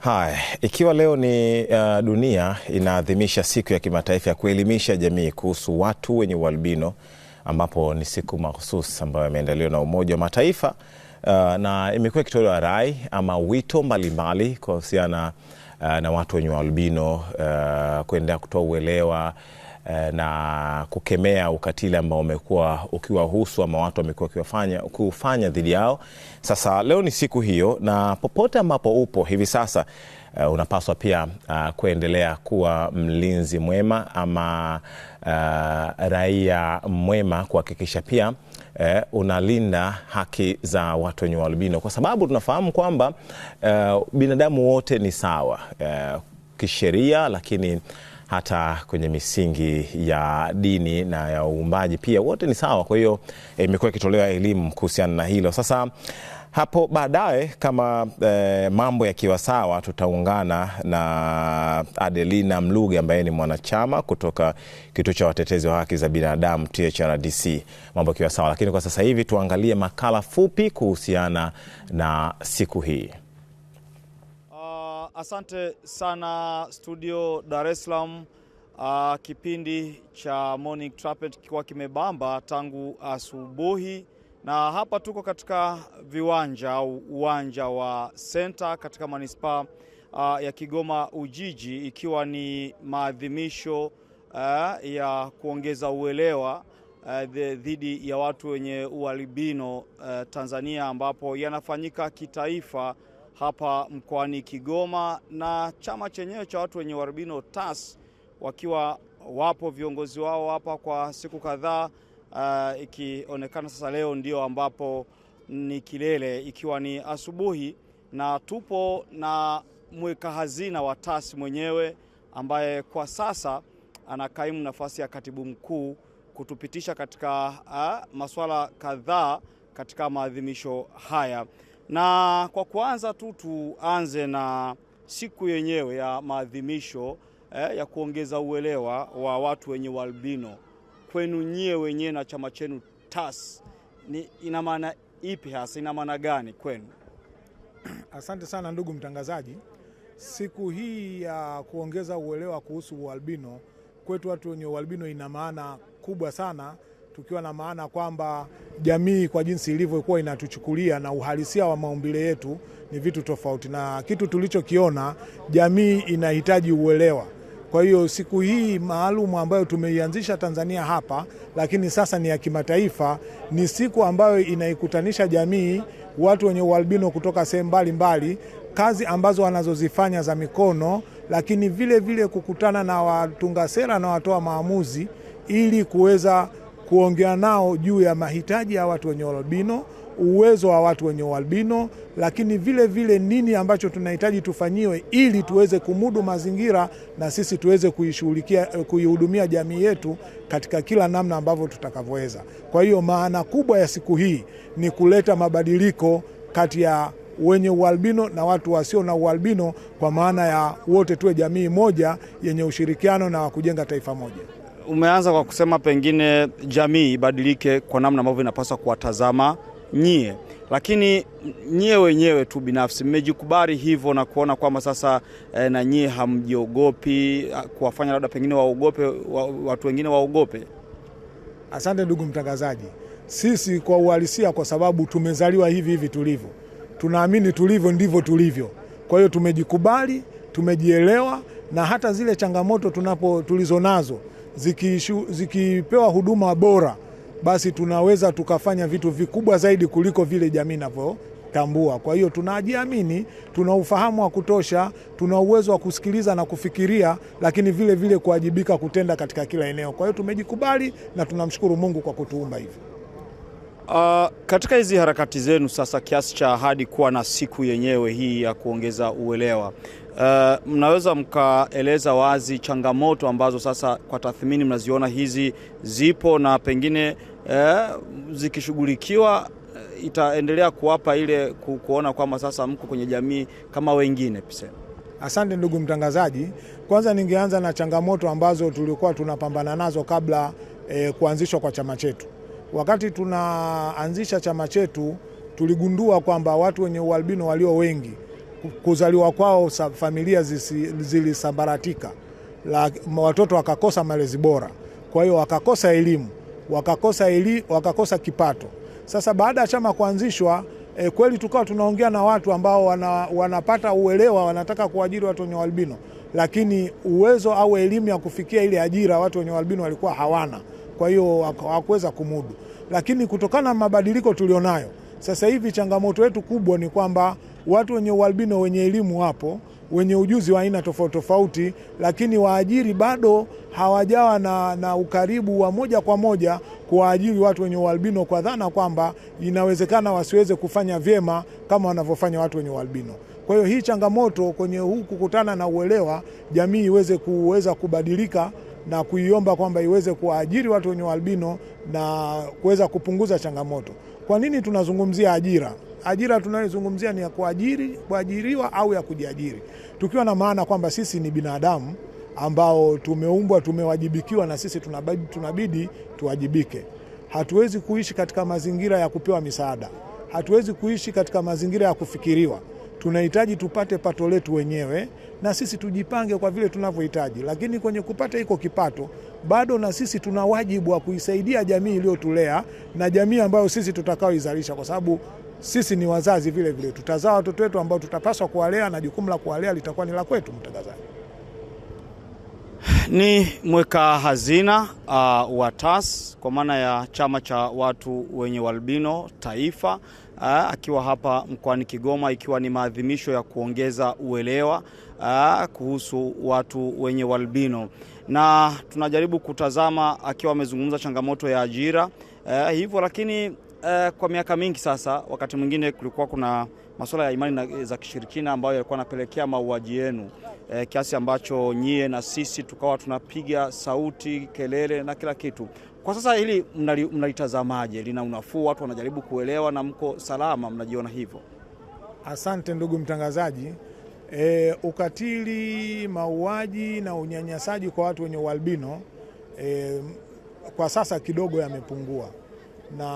Haya, ikiwa leo ni uh, dunia inaadhimisha siku ya kimataifa ya kuelimisha jamii kuhusu watu wenye ualbino, ambapo ni siku mahususi ambayo imeandaliwa na Umoja wa Mataifa uh, na imekuwa ikitolewa rai ama wito mbalimbali kuhusiana uh, na watu wenye ualbino uh, kuendelea kutoa uelewa Eh, na kukemea ukatili ambao umekuwa ukiwahusu ama watu wamekuwa ukiufanya dhidi yao. Sasa leo ni siku hiyo, na popote ambapo upo hivi sasa uh, unapaswa pia uh, kuendelea kuwa mlinzi mwema ama uh, raia mwema, kuhakikisha pia uh, unalinda haki za watu wenye ualbino, kwa sababu tunafahamu kwamba uh, binadamu wote ni sawa uh, kisheria, lakini hata kwenye misingi ya dini na ya uumbaji pia wote ni sawa. Kwa hiyo eh, imekuwa eh, ikitolewa elimu kuhusiana na hilo. Sasa hapo baadaye kama eh, mambo yakiwa sawa, tutaungana na Adelina Mluge ambaye ni mwanachama kutoka kituo cha watetezi wa haki za binadamu THRDC, mambo yakiwa sawa. Lakini kwa sasa hivi tuangalie makala fupi kuhusiana na siku hii. Asante sana studio Dar es Salaam. Uh, kipindi cha Morning Trumpet kikiwa kimebamba tangu asubuhi, na hapa tuko katika viwanja au uwanja wa Senta katika manispaa uh, ya Kigoma Ujiji, ikiwa ni maadhimisho uh, ya kuongeza uelewa dhidi uh, ya watu wenye ualbino uh, Tanzania, ambapo yanafanyika kitaifa hapa mkoani Kigoma, na chama chenyewe cha watu wenye uarabino TAS wakiwa wapo viongozi wao hapa kwa siku kadhaa, uh, ikionekana sasa leo ndio ambapo ni kilele, ikiwa ni asubuhi, na tupo na mweka hazina wa TAS mwenyewe ambaye kwa sasa anakaimu nafasi ya katibu mkuu kutupitisha katika uh, masuala kadhaa katika maadhimisho haya. Na kwa kwanza tu tuanze na siku yenyewe ya maadhimisho eh, ya kuongeza uelewa wa watu wenye ualbino kwenu nyie wenyewe na chama chenu TAS ni ina maana ipi hasa, ina maana gani kwenu? Asante sana ndugu mtangazaji. Siku hii ya kuongeza uelewa kuhusu ualbino kwetu watu wenye ualbino ina maana kubwa sana tukiwa na maana kwamba jamii kwa jinsi ilivyokuwa inatuchukulia na uhalisia wa maumbile yetu ni vitu tofauti, na kitu tulichokiona, jamii inahitaji uelewa. Kwa hiyo siku hii maalum ambayo tumeianzisha Tanzania hapa, lakini sasa ni ya kimataifa, ni siku ambayo inaikutanisha jamii, watu wenye ualbino kutoka sehemu mbalimbali, kazi ambazo wanazozifanya za mikono, lakini vile vile kukutana na watunga sera na watoa maamuzi ili kuweza kuongea nao juu ya mahitaji ya watu wenye ualbino, uwezo wa watu wenye ualbino, lakini vile vile nini ambacho tunahitaji tufanyiwe ili tuweze kumudu mazingira na sisi tuweze kuishughulikia, kuihudumia jamii yetu katika kila namna ambavyo tutakavyoweza. Kwa hiyo maana kubwa ya siku hii ni kuleta mabadiliko kati ya wenye ualbino na watu wasio na ualbino, kwa maana ya wote tuwe jamii moja yenye ushirikiano na wa kujenga taifa moja umeanza kwa kusema pengine jamii ibadilike kwa namna ambavyo inapaswa kuwatazama nyie, lakini nyie wenyewe tu binafsi mmejikubali hivyo na kuona kwamba sasa e, na nyie hamjiogopi ah, kuwafanya labda pengine waogope wa, watu wengine waogope? Asante ndugu mtangazaji, sisi kwa uhalisia, kwa sababu tumezaliwa hivi hivi tulivyo, tunaamini tulivyo ndivyo tulivyo. Kwa hiyo tumejikubali, tumejielewa na hata zile changamoto tunapo tulizo nazo zikipewa huduma bora, basi tunaweza tukafanya vitu vikubwa zaidi kuliko vile jamii inavyotambua. Kwa hiyo tunajiamini, tuna ufahamu wa kutosha, tuna uwezo wa kusikiliza na kufikiria, lakini vile vile kuwajibika kutenda katika kila eneo. Kwa hiyo tumejikubali na tunamshukuru Mungu kwa kutuumba hivi Uh, ah, katika hizi harakati zenu sasa, kiasi cha ahadi kuwa na siku yenyewe hii ya kuongeza uelewa Uh, mnaweza mkaeleza wazi changamoto ambazo sasa kwa tathmini mnaziona hizi zipo na pengine uh, zikishughulikiwa uh, itaendelea kuwapa ile kuona kwamba sasa mko kwenye jamii kama wengine pisema. Asante ndugu mtangazaji. Kwanza ningeanza na changamoto ambazo tulikuwa tunapambana nazo kabla eh, kuanzishwa kwa chama chetu. Wakati tunaanzisha chama chetu tuligundua kwamba watu wenye ualbino walio wengi kuzaliwa kwao familia zilisambaratika, watoto wakakosa malezi bora, kwa hiyo wakakosa elimu, wakakosa ili, wakakosa kipato. Sasa baada ya chama kuanzishwa e, kweli tukawa tunaongea na watu ambao wana, wanapata uelewa, wanataka kuajiri watu wenye albino lakini uwezo au elimu ya kufikia ile ajira watu wenye albino walikuwa hawana, kwa hiyo hawakuweza kumudu. Lakini kutokana na mabadiliko tulionayo sasa hivi, changamoto yetu kubwa ni kwamba watu wenye ualbino wenye elimu wapo, wenye ujuzi wa aina tofauti tofauti, lakini waajiri bado hawajawa na, na ukaribu wa moja kwa moja kuwaajiri watu wenye ualbino kwa dhana kwamba inawezekana wasiweze kufanya vyema kama wanavyofanya watu wenye ualbino. Kwa hiyo hii changamoto kwenye huu kukutana na uelewa, jamii iweze kuweza kubadilika na kuiomba kwamba iweze kuwaajiri watu wenye ualbino na kuweza kupunguza changamoto. Kwa nini tunazungumzia ajira? ajira tunayozungumzia ni ya kuajiri, kuajiriwa au ya kujiajiri, tukiwa na maana kwamba sisi ni binadamu ambao tumeumbwa, tumewajibikiwa na sisi tunabidi, tunabidi tuwajibike. Hatuwezi kuishi katika mazingira ya kupewa misaada, hatuwezi kuishi katika mazingira ya kufikiriwa. Tunahitaji tupate pato letu wenyewe na sisi tujipange kwa vile tunavyohitaji, lakini kwenye kupata hiko kipato bado na sisi tuna wajibu wa kuisaidia jamii iliyotulea na jamii ambayo sisi tutakaoizalisha, kwa sababu sisi ni wazazi vile vile, tutazaa watoto wetu ambao tutapaswa kuwalea na jukumu la kuwalea litakuwa ni la kwetu. Mtangazaji ni mweka hazina uh, wa TAS kwa maana ya chama cha watu wenye ualbino taifa uh, akiwa hapa mkoani Kigoma, ikiwa ni maadhimisho ya kuongeza uelewa uh, kuhusu watu wenye ualbino, na tunajaribu kutazama akiwa amezungumza changamoto ya ajira uh, hivyo lakini eh, kwa miaka mingi sasa, wakati mwingine kulikuwa kuna masuala ya imani na, za kishirikina ambayo yalikuwa yanapelekea mauaji yenu eh, kiasi ambacho nyie na sisi tukawa tunapiga sauti, kelele na kila kitu. Kwa sasa hili mnalitazamaje? Lina unafuu? Watu wanajaribu kuelewa na mko salama? Mnajiona hivyo? Asante ndugu mtangazaji. E, ukatili, mauaji na unyanyasaji kwa watu wenye ualbino e, kwa sasa kidogo yamepungua, na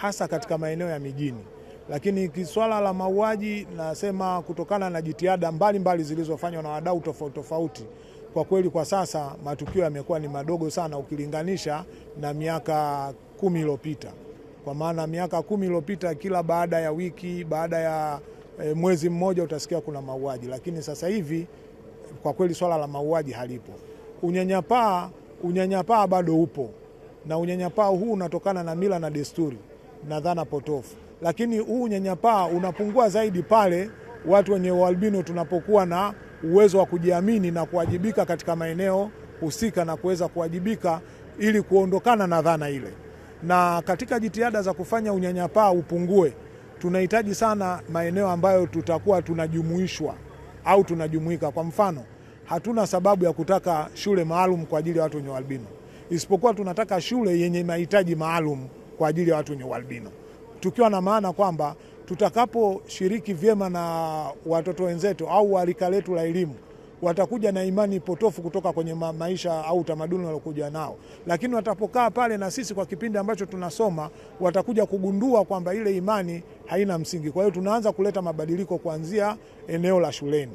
hasa katika maeneo ya mijini. Lakini swala la mauaji, nasema kutokana na jitihada mbalimbali zilizofanywa na wadau tofauti tofauti, kwa kweli kwa sasa matukio yamekuwa ni madogo sana ukilinganisha na miaka kumi iliyopita. Kwa maana miaka kumi iliyopita kila baada ya wiki, baada ya e, mwezi mmoja utasikia kuna mauaji, lakini sasa hivi kwa kweli swala la mauaji halipo. Unyanyapaa, unyanyapaa bado upo na unyanyapaa huu unatokana na mila na desturi na dhana potofu, lakini huu unyanyapaa unapungua zaidi pale watu wenye ualbino tunapokuwa na uwezo wa kujiamini na kuwajibika katika maeneo husika na kuweza kuwajibika ili kuondokana na dhana ile. Na katika jitihada za kufanya unyanyapaa upungue, tunahitaji sana maeneo ambayo tutakuwa tunajumuishwa au tunajumuika. Kwa mfano, hatuna sababu ya kutaka shule maalum kwa ajili ya watu wenye ualbino isipokuwa tunataka shule yenye mahitaji maalum kwa ajili ya watu wenye ualbino, tukiwa na maana kwamba tutakaposhiriki vyema na watoto wenzetu au warika letu la elimu watakuja na imani potofu kutoka kwenye maisha au utamaduni waliokuja nao, lakini watapokaa pale na sisi kwa kipindi ambacho tunasoma, watakuja kugundua kwamba ile imani haina msingi. Kwa hiyo tunaanza kuleta mabadiliko kuanzia eneo la shuleni,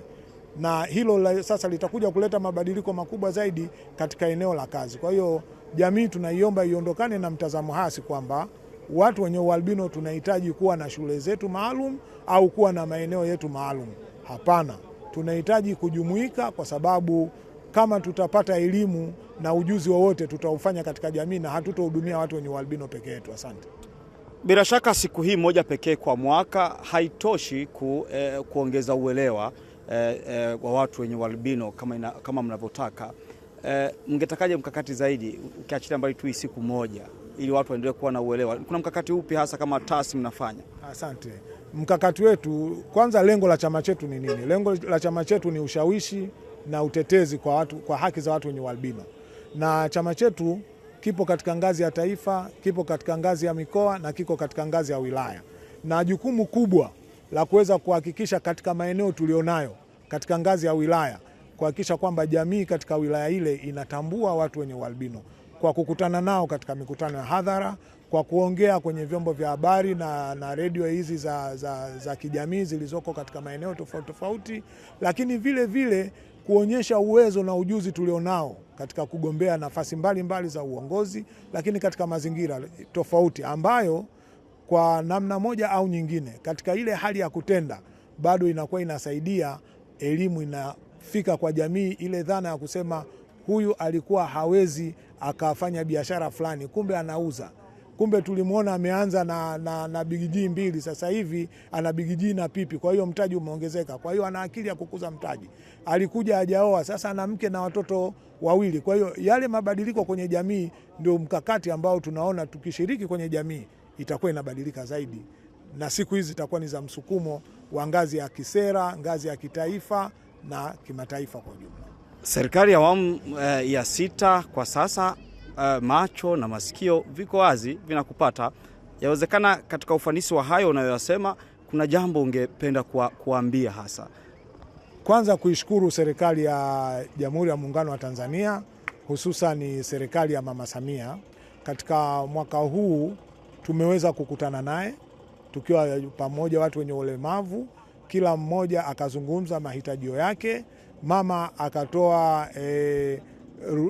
na hilo la, sasa litakuja kuleta mabadiliko makubwa zaidi katika eneo la kazi. Kwa hiyo jamii tunaiomba iondokane na mtazamo hasi kwamba watu wenye ualbino tunahitaji kuwa na shule zetu maalum au kuwa na maeneo yetu maalum. Hapana, tunahitaji kujumuika, kwa sababu kama tutapata elimu na ujuzi wowote tutaufanya katika jamii na hatutohudumia watu wenye ualbino peke yetu. Asante. Bila shaka siku hii moja pekee kwa mwaka haitoshi ku, eh, kuongeza uelewa eh, eh, wa watu wenye ualbino kama, kama mnavyotaka eh, mngetakaje mkakati zaidi ukiachilia mbali tu siku moja ili watu waendelee kuwa na uelewa? Kuna mkakati upi hasa kama tasi mnafanya? Asante. Mkakati wetu kwanza, lengo la chama chetu ni nini? Lengo la chama chetu ni ushawishi na utetezi kwa, watu, kwa haki za watu wenye ualbino na chama chetu kipo katika ngazi ya taifa, kipo katika ngazi ya mikoa na kiko katika ngazi ya wilaya, na jukumu kubwa la kuweza kuhakikisha katika maeneo tulionayo katika ngazi ya wilaya kuhakikisha kwamba jamii katika wilaya ile inatambua watu wenye ualbino kwa kukutana nao katika mikutano ya hadhara, kwa kuongea kwenye vyombo vya habari na, na redio hizi za, za, za kijamii zilizoko katika maeneo tofauti tofauti, lakini vile vile kuonyesha uwezo na ujuzi tulionao katika kugombea nafasi mbalimbali za uongozi, lakini katika mazingira tofauti ambayo kwa namna moja au nyingine katika ile hali ya kutenda bado inakuwa inasaidia elimu ina fika kwa jamii, ile dhana ya kusema huyu alikuwa hawezi akafanya biashara fulani, kumbe anauza kumbe tulimwona ameanza na, na, na bigijii mbili, sasa hivi ana bigijii na pipi, kwa hiyo mtaji umeongezeka. Kwa hiyo ana akili ya kukuza mtaji. Alikuja hajaoa, sasa ana mke na watoto wawili. Kwa hiyo yale mabadiliko kwenye jamii ndio mkakati ambao tunaona tukishiriki kwenye jamii itakuwa inabadilika zaidi, na siku hizi itakuwa ni za msukumo wa ngazi ya kisera, ngazi ya kitaifa na kimataifa kwa ujumla. Serikali ya awamu e, ya sita kwa sasa e, macho na masikio viko wazi vinakupata. Yawezekana katika ufanisi wa hayo unayoyasema, kuna jambo ungependa kuambia hasa? Kwanza kuishukuru serikali ya Jamhuri ya Muungano wa Tanzania, hususan serikali ya Mama Samia. Katika mwaka huu tumeweza kukutana naye tukiwa pamoja watu wenye ulemavu kila mmoja akazungumza mahitaji yake. Mama akatoa e,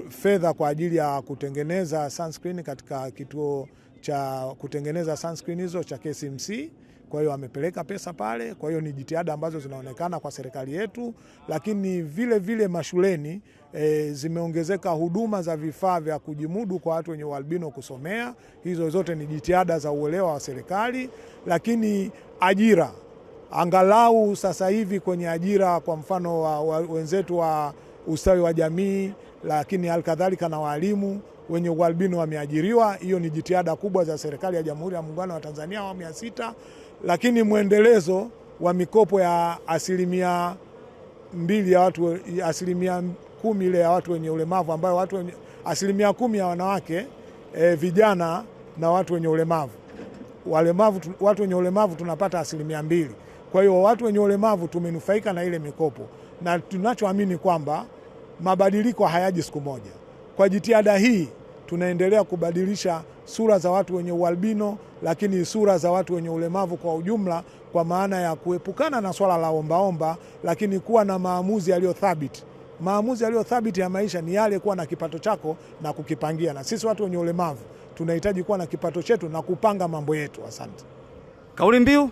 fedha kwa ajili ya kutengeneza sunscreen katika kituo cha kutengeneza sunscreen hizo cha KCMC. Kwa hiyo amepeleka pesa pale. Kwa hiyo ni jitihada ambazo zinaonekana kwa serikali yetu, lakini vile vile mashuleni e, zimeongezeka huduma za vifaa vya kujimudu kwa watu wenye ualbino kusomea. Hizo zote ni jitihada za uelewa wa serikali, lakini ajira angalau sasa hivi kwenye ajira, kwa mfano wa, wa, wenzetu wa ustawi wa jamii, lakini halikadhalika na waalimu wenye ualbino wameajiriwa. Hiyo ni jitihada kubwa za serikali ya Jamhuri ya Muungano wa Tanzania awamu ya sita, lakini mwendelezo wa mikopo ya asilimia mbili ya watu asilimia kumi ile ya watu wenye ulemavu ambayo watu wenye, asilimia kumi ya wanawake e, vijana na watu wenye ulemavu walemavu, watu wenye ulemavu tunapata asilimia mbili. Kwa hiyo watu wenye ulemavu tumenufaika na ile mikopo, na tunachoamini kwamba mabadiliko hayaji siku moja. Kwa jitihada hii tunaendelea kubadilisha sura za watu wenye ualbino, lakini sura za watu wenye ulemavu kwa ujumla, kwa maana ya kuepukana na swala la ombaomba omba, lakini kuwa na maamuzi yaliyo thabiti Maamuzi yaliyo thabiti ya maisha ni yale kuwa na kipato chako na kukipangia, na sisi watu wenye ulemavu tunahitaji kuwa na kipato chetu na kupanga mambo yetu. Asante. Kauli mbiu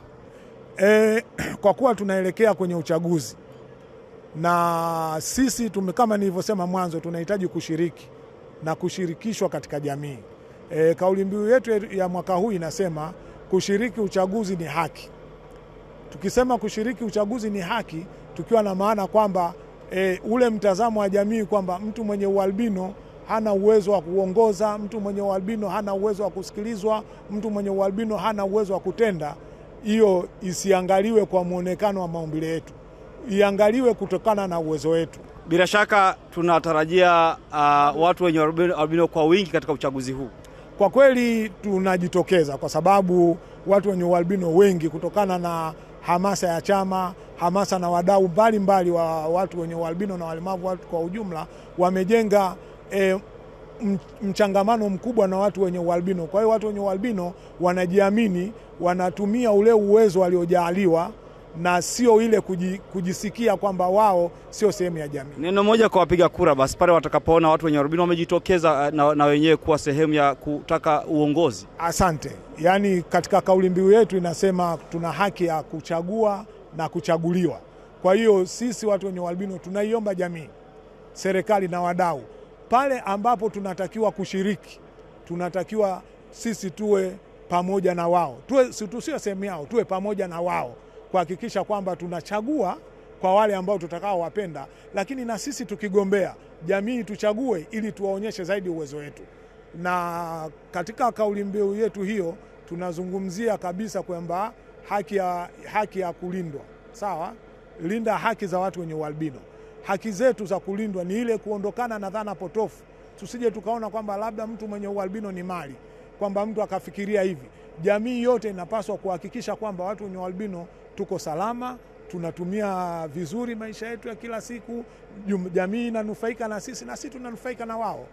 E, kwa kuwa tunaelekea kwenye uchaguzi na sisi tume, kama nilivyosema mwanzo, tunahitaji kushiriki na kushirikishwa katika jamii. E, kauli mbiu yetu ya mwaka huu inasema kushiriki uchaguzi ni haki. Tukisema kushiriki uchaguzi ni haki, tukiwa na maana kwamba e, ule mtazamo wa jamii kwamba mtu mwenye ualbino hana uwezo wa kuongoza, mtu mwenye ualbino hana uwezo wa kusikilizwa, mtu mwenye ualbino hana uwezo wa kutenda hiyo isiangaliwe kwa mwonekano wa maumbile yetu, iangaliwe kutokana na uwezo wetu. Bila shaka tunatarajia uh, watu wenye albino kwa wingi katika uchaguzi huu. Kwa kweli tunajitokeza kwa sababu watu wenye ualbino wengi kutokana na hamasa ya chama, hamasa na wadau mbalimbali wa watu wenye ualbino na walemavu, watu kwa ujumla wamejenga eh, mchangamano mkubwa na watu wenye ualbino. Kwa hiyo watu wenye ualbino wanajiamini, wanatumia ule uwezo waliojaaliwa na sio ile kujisikia kwamba wao sio sehemu ya jamii. Neno moja kwa wapiga kura basi, pale watakapoona watu wenye ualbino wamejitokeza eh, na, na wenyewe kuwa sehemu ya kutaka uongozi. Asante. Yaani, katika kauli mbiu yetu inasema tuna haki ya kuchagua na kuchaguliwa. Kwa hiyo sisi watu wenye ualbino tunaiomba jamii, serikali na wadau pale ambapo tunatakiwa kushiriki, tunatakiwa sisi tuwe pamoja na wao, tuwe tusiwe sehemu yao, tuwe pamoja na wao kuhakikisha kwamba tunachagua kwa wale ambao tutakao wapenda, lakini na sisi tukigombea, jamii tuchague ili tuwaonyeshe zaidi uwezo wetu. Na katika kauli mbiu yetu hiyo tunazungumzia kabisa kwamba haki ya, haki ya kulindwa. Sawa, linda haki za watu wenye ualbino haki zetu za kulindwa ni ile kuondokana na dhana potofu, tusije tukaona kwamba labda mtu mwenye ualbino ni mali, kwamba mtu akafikiria hivi. Jamii yote inapaswa kuhakikisha kwamba watu wenye ualbino tuko salama, tunatumia vizuri maisha yetu ya kila siku, jamii inanufaika na sisi na sisi tunanufaika na wao.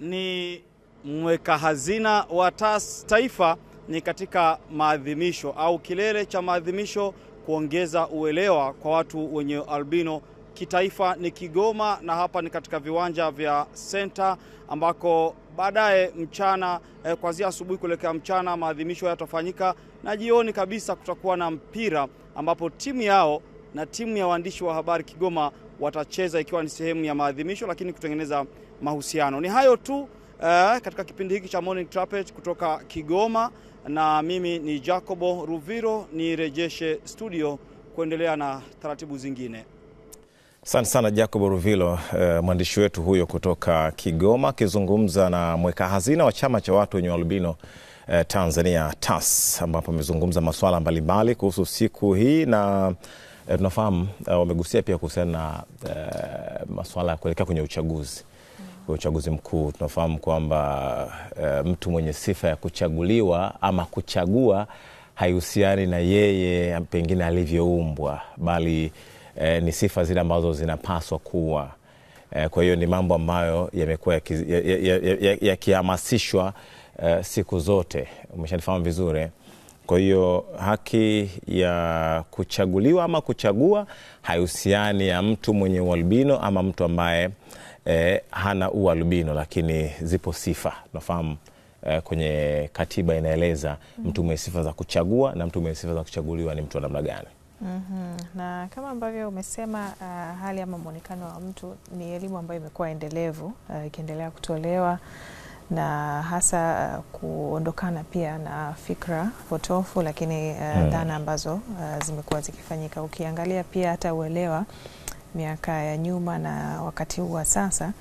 Ni mweka hazina wa taifa ni katika maadhimisho au kilele cha maadhimisho kuongeza uelewa kwa watu wenye albino kitaifa ni Kigoma, na hapa ni katika viwanja vya Senta ambako baadaye mchana eh, kuanzia asubuhi kuelekea mchana maadhimisho yatafanyika, na jioni kabisa kutakuwa na mpira ambapo timu yao na timu ya waandishi wa habari Kigoma watacheza ikiwa ni sehemu ya maadhimisho, lakini kutengeneza mahusiano. Ni hayo tu uh, katika kipindi hiki cha Morning Trumpet kutoka Kigoma, na mimi ni Jacobo Ruviro, nirejeshe studio kuendelea na taratibu zingine. Asante sana Jacobo Ruvilo, eh, mwandishi wetu huyo kutoka Kigoma akizungumza na mweka hazina wa chama cha watu wenye albino eh, Tanzania TAS, ambapo amezungumza masuala mbalimbali kuhusu siku hii na eh, tunafahamu eh, wamegusia pia kuhusiana na eh, masuala ya kuelekea kwenye uchaguzi kwa uchaguzi mkuu. Tunafahamu kwamba e, mtu mwenye sifa ya kuchaguliwa ama kuchagua haihusiani na yeye pengine alivyoumbwa, bali e, ni sifa zile ambazo zinapaswa kuwa e, kwa hiyo ni mambo ambayo yamekuwa yakihamasishwa ya, ya, ya, ya, ya e, siku zote. Umeshanifahamu vizuri. Kwa hiyo haki ya kuchaguliwa ama kuchagua haihusiani ya mtu mwenye ualbino ama mtu ambaye eh, hana u albino, lakini zipo sifa nafahamu eh, kwenye katiba inaeleza mtu mwenye sifa za kuchagua na mtu mwenye sifa za kuchaguliwa ni mtu wa namna gani. Mm -hmm. Na kama ambavyo umesema uh, hali ama mwonekano wa mtu ni elimu ambayo imekuwa endelevu eh, ikiendelea uh, kutolewa na hasa uh, kuondokana pia na fikra potofu, lakini uh, hmm, dhana ambazo uh, zimekuwa zikifanyika. Ukiangalia pia hata uelewa miaka ya nyuma na wakati huu wa sasa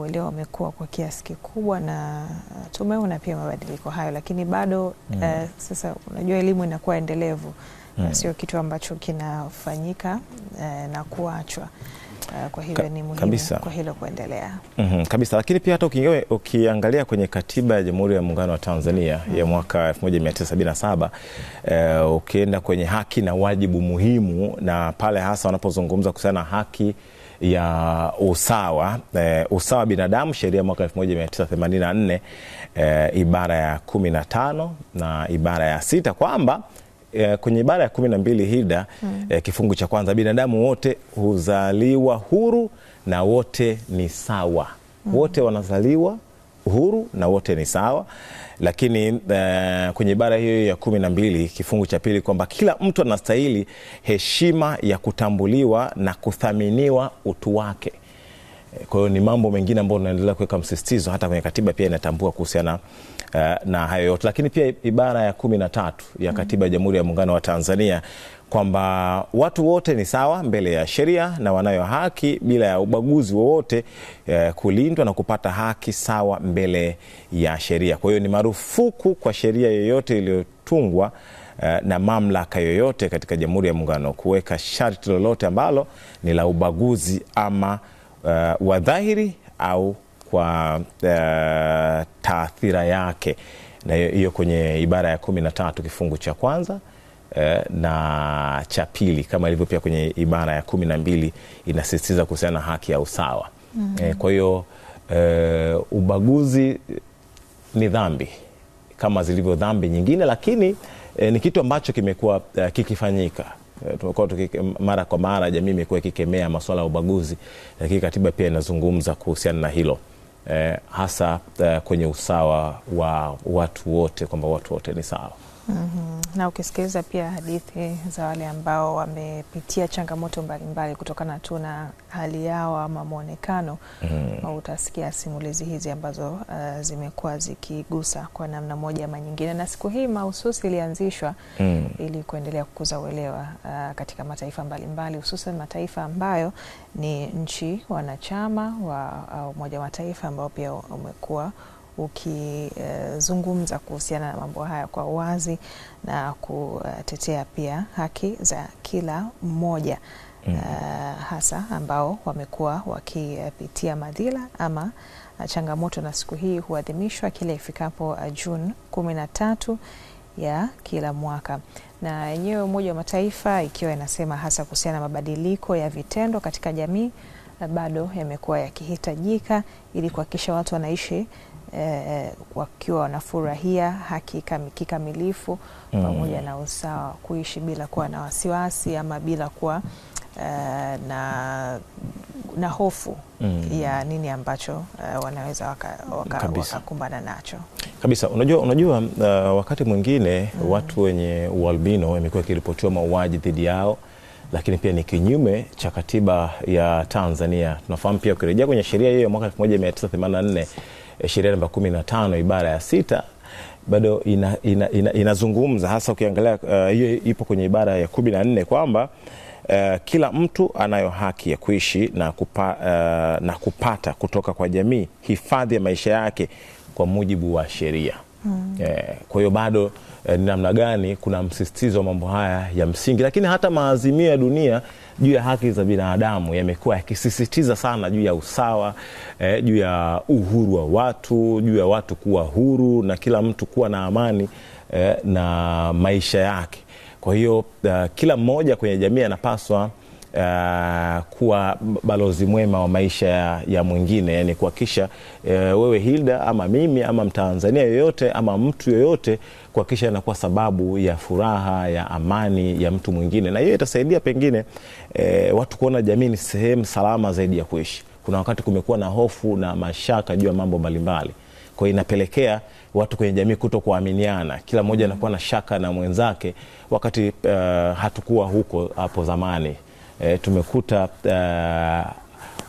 uelewa mm. uh, umekuwa kwa kiasi kikubwa na tumeona pia mabadiliko hayo, lakini bado mm. uh, sasa unajua elimu inakuwa endelevu mm. sio kitu ambacho kinafanyika uh, na kuachwa Eh, kwa hivyo ni muhimu kabisa kwa hilo kuendelea. mm -hmm, kabisa. Lakini pia hata ukiingewe, ukiangalia kwenye katiba ya Jamhuri ya Muungano wa Tanzania mm -hmm. ya mwaka 1977 uh, eh, ukienda kwenye haki na wajibu muhimu na pale hasa wanapozungumza kuhusiana na haki ya usawa eh, usawa binadamu sheria mwaka 1984 eh, ibara ya 15 na ibara ya sita kwamba eh, kwenye ibara ya kumi na mbili HIDA mm. eh, kifungu cha kwanza, binadamu wote huzaliwa huru na wote ni sawa mm. wote wanazaliwa huru na wote ni sawa, lakini uh, kwenye ibara hiyo ya kumi na mbili kifungu cha pili kwamba kila mtu anastahili heshima ya kutambuliwa na kuthaminiwa utu wake. Eh, kwa hiyo ni mambo mengine ambayo tunaendelea kuweka msisitizo, hata kwenye katiba pia inatambua kuhusiana uh, na hayo yote, lakini pia ibara ya kumi na tatu ya katiba ya Jamhuri ya Muungano wa Tanzania kwamba watu wote ni sawa mbele ya sheria na wanayo haki bila ya ubaguzi wowote eh, kulindwa na kupata haki sawa mbele ya sheria. Kwa hiyo ni marufuku kwa sheria yoyote iliyotungwa eh, na mamlaka yoyote katika Jamhuri ya Muungano kuweka sharti lolote ambalo ni la ubaguzi ama eh, wa dhahiri au kwa uh, taathira yake, na hiyo kwenye ibara ya kumi na tatu kifungu cha kwanza eh, na cha pili kama ilivyo pia kwenye ibara ya kumi na mbili inasisitiza kuhusiana na haki ya usawa. mm -hmm. uh, kwa hiyo uh, ubaguzi ni dhambi kama zilivyo dhambi nyingine, lakini e, ni kitu ambacho kimekuwa uh, kikifanyika e, tumekuwa mara kwa mara, jamii imekuwa ikikemea masuala ya ubaguzi, lakini katiba pia inazungumza kuhusiana na hilo eh, hasa eh, kwenye usawa wa watu wote kwamba watu wote ni sawa. Mm -hmm. Na ukisikiliza pia hadithi za wale ambao wamepitia changamoto mbalimbali kutokana tu na hali yao ama mwonekano mm -hmm. Utasikia simulizi hizi ambazo uh, zimekuwa zikigusa kwa namna moja ama nyingine, na siku hii mahususi ilianzishwa mm -hmm. ili kuendelea kukuza uelewa uh, katika mataifa mbalimbali hususan mataifa ambayo ni nchi wanachama wa Umoja wa Mataifa ambao pia umekuwa ukizungumza kuhusiana na mambo haya kwa wazi na kutetea pia haki za kila mmoja mm. uh, hasa ambao wamekuwa wakipitia madhila ama changamoto, na siku hii huadhimishwa kila ifikapo eh, Juni kumi na tatu ya kila mwaka na yenyewe Umoja wa Mataifa ikiwa inasema hasa kuhusiana na mabadiliko ya vitendo katika jamii eh, bado yamekuwa yakihitajika ili kuhakikisha watu wanaishi Eh, eh, wakiwa wanafurahia haki kikamilifu mm. pamoja na usawa, wa kuishi bila kuwa na wasiwasi ama bila kuwa eh, na na hofu mm. ya nini ambacho eh, wanaweza wakakumbana waka, waka nacho kabisa. Unajua, unajua uh, wakati mwingine mm. watu wenye ualbino imekuwa ikiripotiwa mauaji dhidi yao, lakini pia ni kinyume cha katiba ya Tanzania. Tunafahamu pia, ukirejea kwenye sheria hiyo ya mwaka 1984 sheria namba 15 ibara ya sita bado inazungumza ina, ina, ina hasa ukiangalia uh, hiyo uh, ipo kwenye ibara ya kumi na nne kwamba uh, kila mtu anayo haki ya kuishi na, kupa, uh, na kupata kutoka kwa jamii hifadhi ya maisha yake kwa mujibu wa sheria. Mm. Eh, kwa hiyo bado eh, ni namna gani kuna msisitizo wa mambo haya ya msingi, lakini hata maazimio ya dunia juu ya haki za binadamu yamekuwa yakisisitiza sana juu ya usawa eh, juu ya uhuru wa watu, juu ya watu kuwa huru na kila mtu kuwa na amani eh, na maisha yake. Kwa hiyo uh, kila mmoja kwenye jamii anapaswa uh, kuwa balozi mwema wa maisha ya, ya mwingine, yani kuhakikisha uh, wewe Hilda ama mimi ama Mtanzania yoyote ama mtu yoyote, kuhakikisha anakuwa sababu ya furaha ya amani ya mtu mwingine, na hiyo itasaidia pengine uh, watu kuona jamii ni sehemu salama zaidi ya kuishi. Kuna wakati kumekuwa na hofu na mashaka juu ya mambo mbalimbali kwa inapelekea watu kwenye jamii kuto kuaminiana, kila mmoja anakuwa na shaka na mwenzake, wakati uh, hatukuwa huko hapo zamani e, tumekuta uh,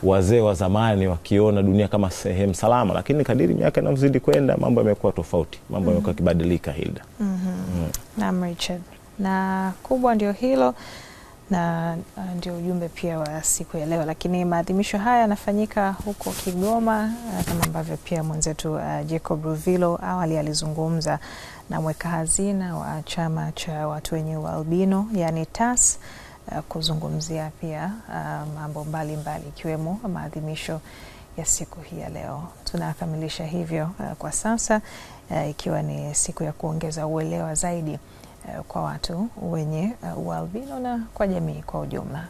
wazee wa zamani wakiona dunia kama sehemu salama, lakini kadiri miaka inavyozidi kwenda mambo yamekuwa tofauti, mambo mhm. yamekuwa mm -hmm. kibadilika Hilda. mm -hmm. mm. Naam Richard, na kubwa ndio hilo na ah, ndio ujumbe pia wa siku ya leo, lakini maadhimisho haya yanafanyika huko Kigoma eh, kama ambavyo pia mwenzetu uh, Jacob Ruvilo awali alizungumza na mweka hazina wa chama cha watu wenye ualbino yani TAS Eh, kuzungumzia pia eh, mambo mbalimbali ikiwemo maadhimisho ya siku hii ya leo. Tunakamilisha hivyo uh, kwa sasa uh, ikiwa ni siku ya kuongeza uelewa zaidi uh, kwa watu wenye ualbino uh, na kwa jamii kwa ujumla.